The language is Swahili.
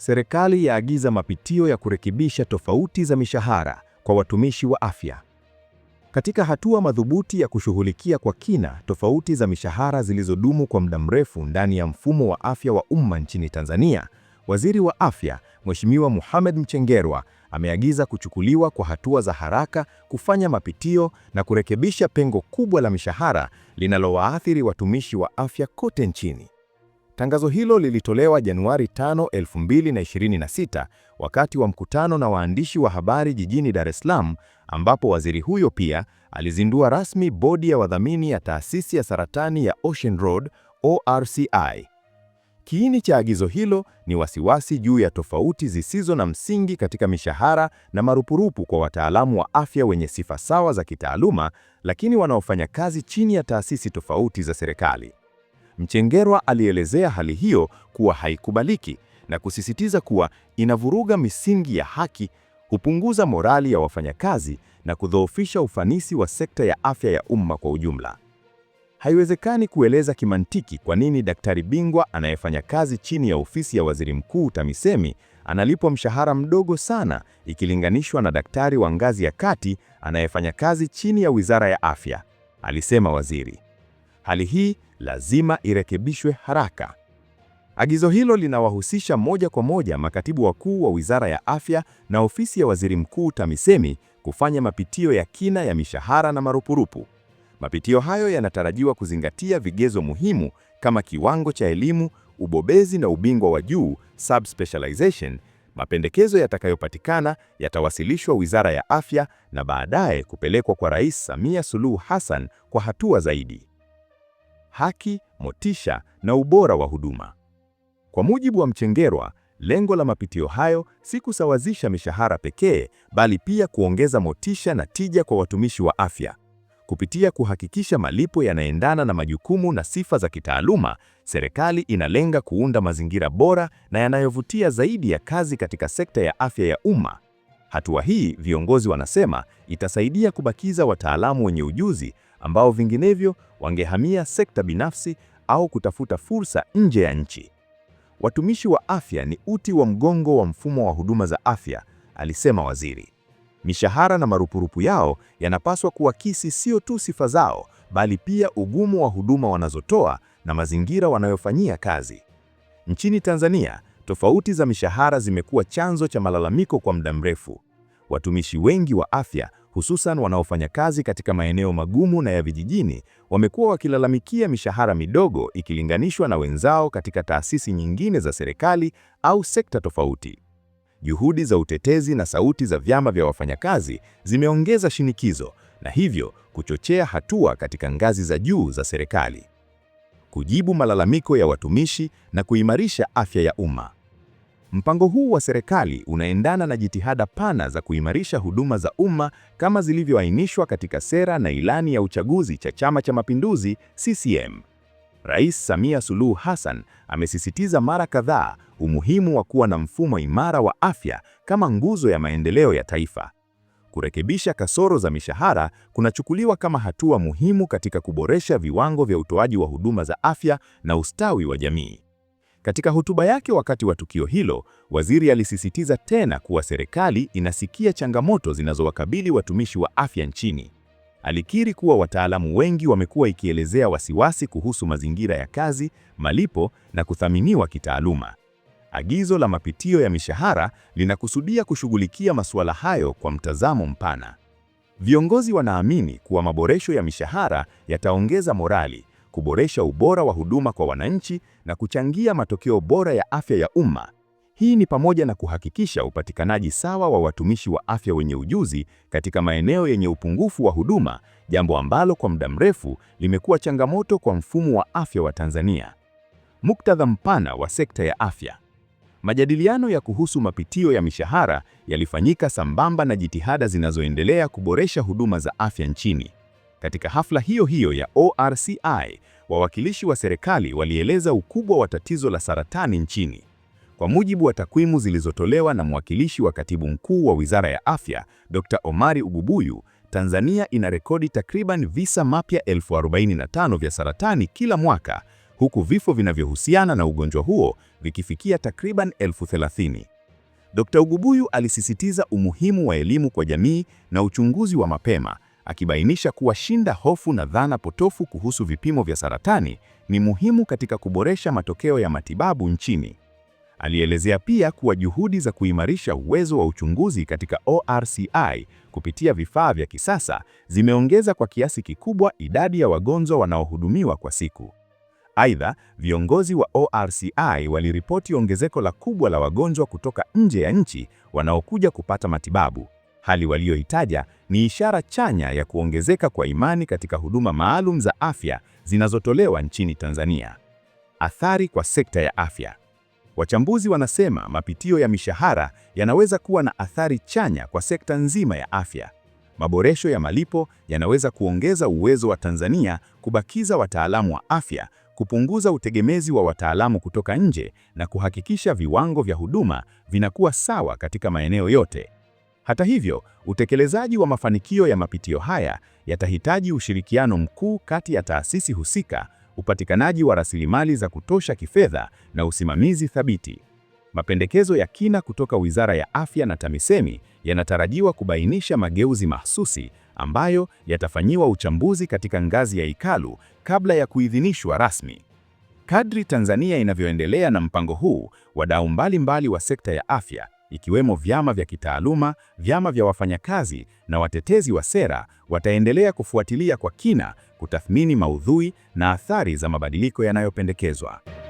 Serikali yaagiza mapitio ya kurekebisha tofauti za mishahara kwa watumishi wa afya. Katika hatua madhubuti ya kushughulikia kwa kina tofauti za mishahara zilizodumu kwa muda mrefu ndani ya mfumo wa afya wa umma nchini Tanzania, Waziri wa Afya Mheshimiwa Mohamed Mchengerwa ameagiza kuchukuliwa kwa hatua za haraka kufanya mapitio na kurekebisha pengo kubwa la mishahara linalowaathiri watumishi wa afya kote nchini. Tangazo hilo lilitolewa Januari 5, 2026 wakati wa mkutano na waandishi wa habari jijini Dar es Salaam, ambapo waziri huyo pia alizindua rasmi bodi ya wadhamini ya taasisi ya saratani ya Ocean Road ORCI. Kiini cha agizo hilo ni wasiwasi juu ya tofauti zisizo na msingi katika mishahara na marupurupu kwa wataalamu wa afya wenye sifa sawa za kitaaluma, lakini wanaofanya kazi chini ya taasisi tofauti za serikali. Mchengerwa alielezea hali hiyo kuwa haikubaliki na kusisitiza kuwa inavuruga misingi ya haki, hupunguza morali ya wafanyakazi na kudhoofisha ufanisi wa sekta ya afya ya umma kwa ujumla. Haiwezekani kueleza kimantiki kwa nini daktari bingwa anayefanya kazi chini ya ofisi ya Waziri Mkuu TAMISEMI analipwa mshahara mdogo sana ikilinganishwa na daktari wa ngazi ya kati anayefanya kazi chini ya Wizara ya Afya, alisema waziri. Hali hii lazima irekebishwe haraka. Agizo hilo linawahusisha moja kwa moja makatibu wakuu wa Wizara ya Afya na Ofisi ya Waziri Mkuu TAMISEMI kufanya mapitio ya kina ya mishahara na marupurupu. Mapitio hayo yanatarajiwa kuzingatia vigezo muhimu kama kiwango cha elimu, ubobezi na ubingwa wa juu subspecialization. Mapendekezo yatakayopatikana yatawasilishwa Wizara ya Afya na baadaye kupelekwa kwa Rais Samia Suluhu Hassan kwa hatua zaidi haki, motisha na ubora wa huduma. Kwa mujibu wa Mchengerwa, lengo la mapitio hayo si kusawazisha mishahara pekee, bali pia kuongeza motisha na tija kwa watumishi wa afya. Kupitia kuhakikisha malipo yanaendana na majukumu na sifa za kitaaluma, serikali inalenga kuunda mazingira bora na yanayovutia zaidi ya kazi katika sekta ya afya ya umma. Hatua hii, viongozi wanasema, itasaidia kubakiza wataalamu wenye ujuzi ambao vinginevyo wangehamia sekta binafsi au kutafuta fursa nje ya nchi. Watumishi wa afya ni uti wa mgongo wa mfumo wa huduma za afya, alisema waziri. Mishahara na marupurupu yao yanapaswa kuakisi sio tu sifa zao, bali pia ugumu wa huduma wanazotoa na mazingira wanayofanyia kazi. Nchini Tanzania, tofauti za mishahara zimekuwa chanzo cha malalamiko kwa muda mrefu. Watumishi wengi wa afya hususan wanaofanya kazi katika maeneo magumu na ya vijijini, wamekuwa wakilalamikia mishahara midogo ikilinganishwa na wenzao katika taasisi nyingine za serikali au sekta tofauti. Juhudi za utetezi na sauti za vyama vya wafanyakazi zimeongeza shinikizo na hivyo kuchochea hatua katika ngazi za juu za serikali kujibu malalamiko ya watumishi na kuimarisha afya ya umma. Mpango huu wa serikali unaendana na jitihada pana za kuimarisha huduma za umma kama zilivyoainishwa katika sera na ilani ya uchaguzi cha Chama cha Mapinduzi CCM. Rais Samia Suluhu Hassan amesisitiza mara kadhaa umuhimu wa kuwa na mfumo imara wa afya kama nguzo ya maendeleo ya taifa. Kurekebisha kasoro za mishahara kunachukuliwa kama hatua muhimu katika kuboresha viwango vya utoaji wa huduma za afya na ustawi wa jamii. Katika hotuba yake wakati wa tukio hilo, waziri alisisitiza tena kuwa serikali inasikia changamoto zinazowakabili watumishi wa afya nchini. Alikiri kuwa wataalamu wengi wamekuwa ikielezea wasiwasi kuhusu mazingira ya kazi, malipo na kuthaminiwa kitaaluma. Agizo la mapitio ya mishahara linakusudia kushughulikia masuala hayo kwa mtazamo mpana. Viongozi wanaamini kuwa maboresho ya mishahara yataongeza morali, kuboresha ubora wa huduma kwa wananchi na kuchangia matokeo bora ya afya ya umma. Hii ni pamoja na kuhakikisha upatikanaji sawa wa watumishi wa afya wenye ujuzi katika maeneo yenye upungufu wa huduma, jambo ambalo kwa muda mrefu limekuwa changamoto kwa mfumo wa afya wa Tanzania. Muktadha mpana wa sekta ya afya. Majadiliano ya kuhusu mapitio ya mishahara yalifanyika sambamba na jitihada zinazoendelea kuboresha huduma za afya nchini. Katika hafla hiyo hiyo ya ORCI, wawakilishi wa serikali walieleza ukubwa wa tatizo la saratani nchini. Kwa mujibu wa takwimu zilizotolewa na mwakilishi wa katibu mkuu wa Wizara ya Afya, Dr. Omari ugubuyu Tanzania ina rekodi takriban visa mapya 1045 vya saratani kila mwaka, huku vifo vinavyohusiana na ugonjwa huo vikifikia takriban 1030. Dr. ugubuyu alisisitiza umuhimu wa elimu kwa jamii na uchunguzi wa mapema akibainisha kuwa shinda hofu na dhana potofu kuhusu vipimo vya saratani ni muhimu katika kuboresha matokeo ya matibabu nchini. Alielezea pia kuwa juhudi za kuimarisha uwezo wa uchunguzi katika ORCI kupitia vifaa vya kisasa zimeongeza kwa kiasi kikubwa idadi ya wagonjwa wanaohudumiwa kwa siku. Aidha, viongozi wa ORCI waliripoti ongezeko la kubwa la wagonjwa kutoka nje ya nchi wanaokuja kupata matibabu. Hali walioitaja ni ishara chanya ya kuongezeka kwa imani katika huduma maalum za afya zinazotolewa nchini Tanzania. Athari kwa sekta ya afya. Wachambuzi wanasema mapitio ya mishahara yanaweza kuwa na athari chanya kwa sekta nzima ya afya. Maboresho ya malipo yanaweza kuongeza uwezo wa Tanzania kubakiza wataalamu wa afya, kupunguza utegemezi wa wataalamu kutoka nje na kuhakikisha viwango vya huduma vinakuwa sawa katika maeneo yote. Hata hivyo, utekelezaji wa mafanikio ya mapitio haya yatahitaji ushirikiano mkuu kati ya taasisi husika, upatikanaji wa rasilimali za kutosha kifedha na usimamizi thabiti. Mapendekezo ya kina kutoka Wizara ya Afya na TAMISEMI yanatarajiwa kubainisha mageuzi mahsusi ambayo yatafanyiwa uchambuzi katika ngazi ya Ikalu kabla ya kuidhinishwa rasmi. Kadri Tanzania inavyoendelea na mpango huu, wadau mbalimbali wa sekta ya afya ikiwemo vyama vya kitaaluma, vyama vya wafanyakazi na watetezi wa sera wataendelea kufuatilia kwa kina, kutathmini maudhui na athari za mabadiliko yanayopendekezwa.